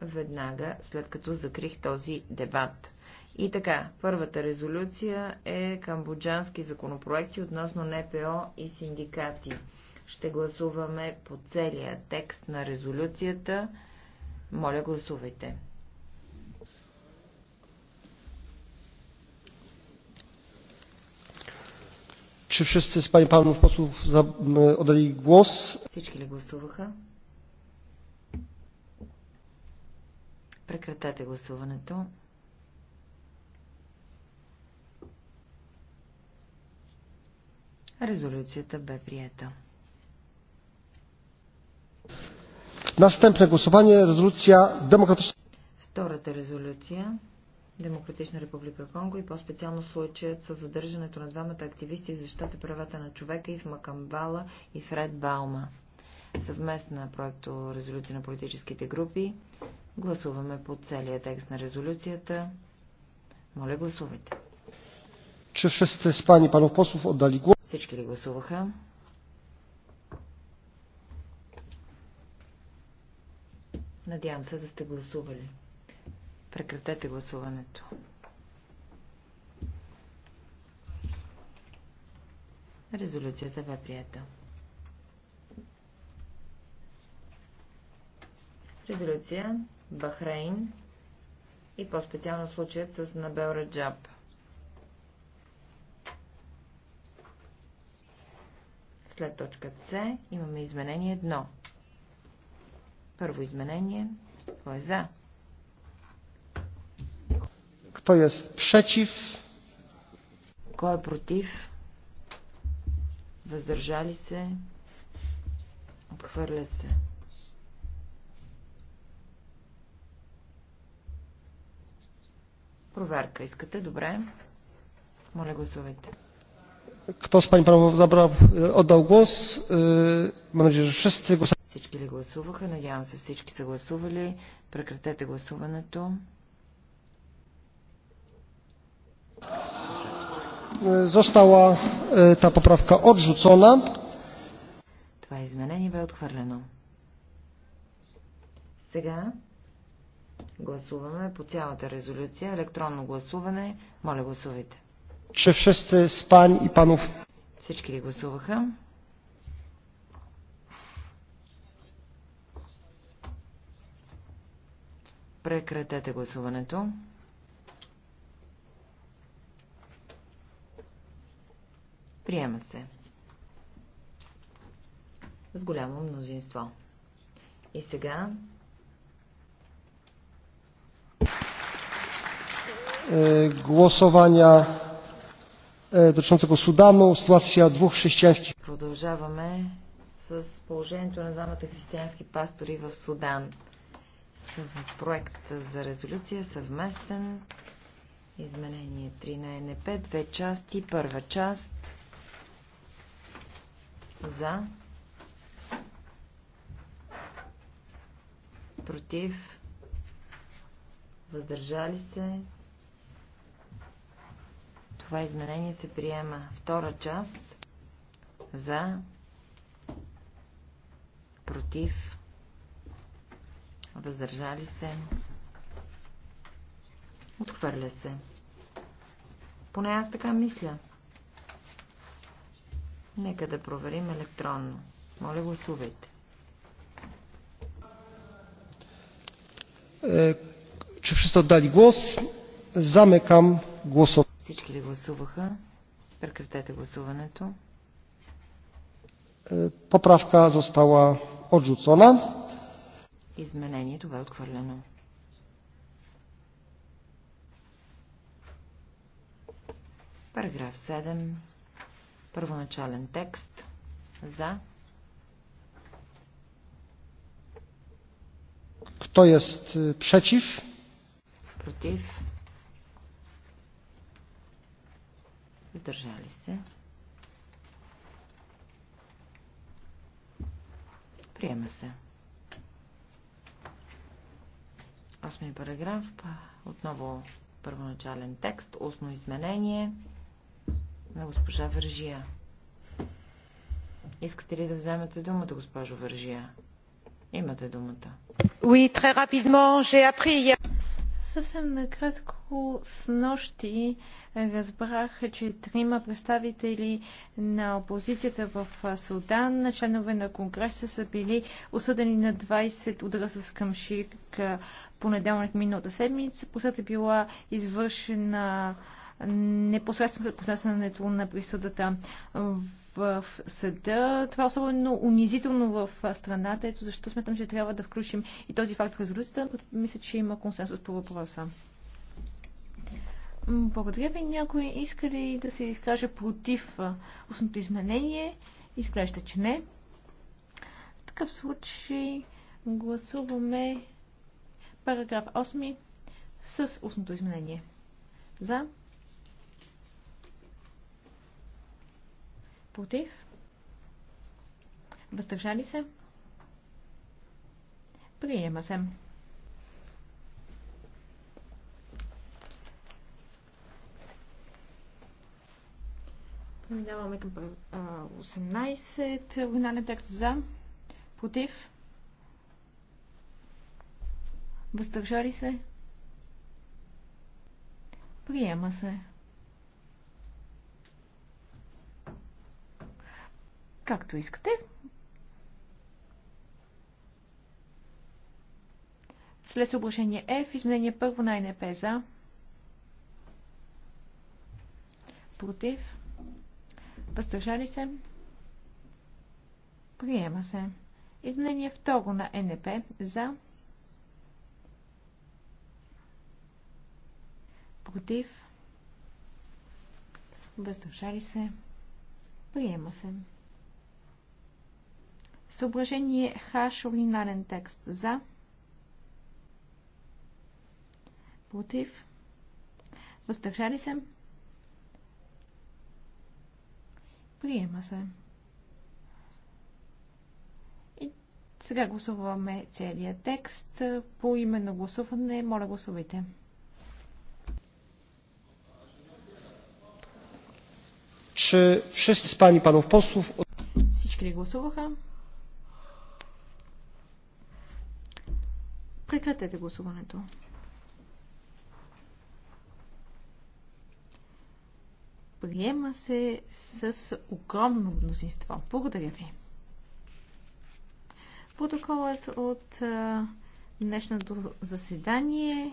веднага след като закрих този дебат. И така, първата резолюция е камбоджански законопроекти относно НПО и синдикати. Ще гласуваме по целия текст на резолюцията. Моля, гласувайте. Czy wszyscy z pań i panów posłów e, oddali Всички ли гласуваха? Прекратете гласуването. Резолюцията бе приета. Настъпне е резолюция демократична. Втората резолюция Демократична република Конго и по-специално случаят с задържането на двамата активисти за щата правата на човека и в Макамбала и Фред Баума. Съвместна проекто резолюция на политическите групи. Гласуваме по целия текст на резолюцията. Моля, гласувайте. Че wszyscy z pani panów posłów oddali Всички ли гласуваха? Надявам се да сте гласували. Прекратете гласуването. Резолюцията бе приета. резолюция Бахрейн и по-специално случаят с Набел Раджаб. След точка С имаме изменение 1. Първо изменение. Кой е за? Кто е przeciw? Кой е против? Въздържали се? Отхвърля се. Проверка искате, добре. Моля гласувайте. Кто с пани право zabrał, е, отдал глас? Mam е, nadzieję, гласа. Всички ли гласуваха? Надявам се всички са гласували. Прекратете гласуването. Została ta poprawka odrzucona. Това изменение бе отхвърлено. Сега Гласуваме по цялата резолюция. Електронно гласуване. Моля гласувайте. Че wszyscy с пан и панов. Всички ли гласуваха? Прекратете гласуването. Приема се. С голямо мнозинство. И сега E, głosowania e, dotyczącego Судана, sytuacja dwóch chrześcijańskich. Продължаваме с положението на двамата християнски пастори в Судан. Проект за резолюция съвместен. Изменение 3 на НП. Две части. Първа част. За. Против. Въздържали се. Това изменение се приема втора част за, против, въздържали се, отхвърля се. Поне аз така мисля. Нека да проверим електронно. Моля, гласувайте. Czy wszyscy дали глас, замекам гласот. Всички ли гласуваха? Прекратете гласуването. Е, поправка została odrzucona. Изменението бе отхвърлено. Параграф 7. Първоначален текст. За. Кто е против? Против. Въздържали се. Приема се. Осми параграф. Отново първоначален текст. Устно изменение на госпожа Вържия. Искате ли да вземете думата, госпожо Вържия? Имате думата. Oui, très rapidement, j'ai appris hier. Съвсем накратко с нощи разбрах, че трима представители на опозицията в Судан, членове на Конгреса, са били осъдени на 20 удара с къмшик понеделник миналата седмица. Посъдът е била извършена непосредствено след поднесенето на присъдата в съда. Това е особено унизително в страната, ето защо смятам, че трябва да включим и този факт в резолюцията. Мисля, че има консенсус по въпроса. Благодаря ви. Някой иска ли да се изкаже против устното изменение? Изглежда, че не. В такъв случай гласуваме параграф 8 с устното изменение. За. Против? Въздържали се? Приема се. Минаваме към 18. Оригинален текст за. Против. Въздържали се. Приема се. Както искате. След съображение F, изменение първо на НП за. Против. Въздържали се. Приема се. Изменение второ на НП за. Против. Въздържали се. Приема се. Съображение Хаш, оригинален текст. За. Против. Въздържали се. Приема се. И сега гласуваме целият текст. По име на гласуване, моля гласувайте. Czy wszyscy z Pani Panów Posłów... Всички ли гласуваха? Прекратете гласуването. Приема се с огромно мнозинство. Благодаря ви. Протоколът от днешното заседание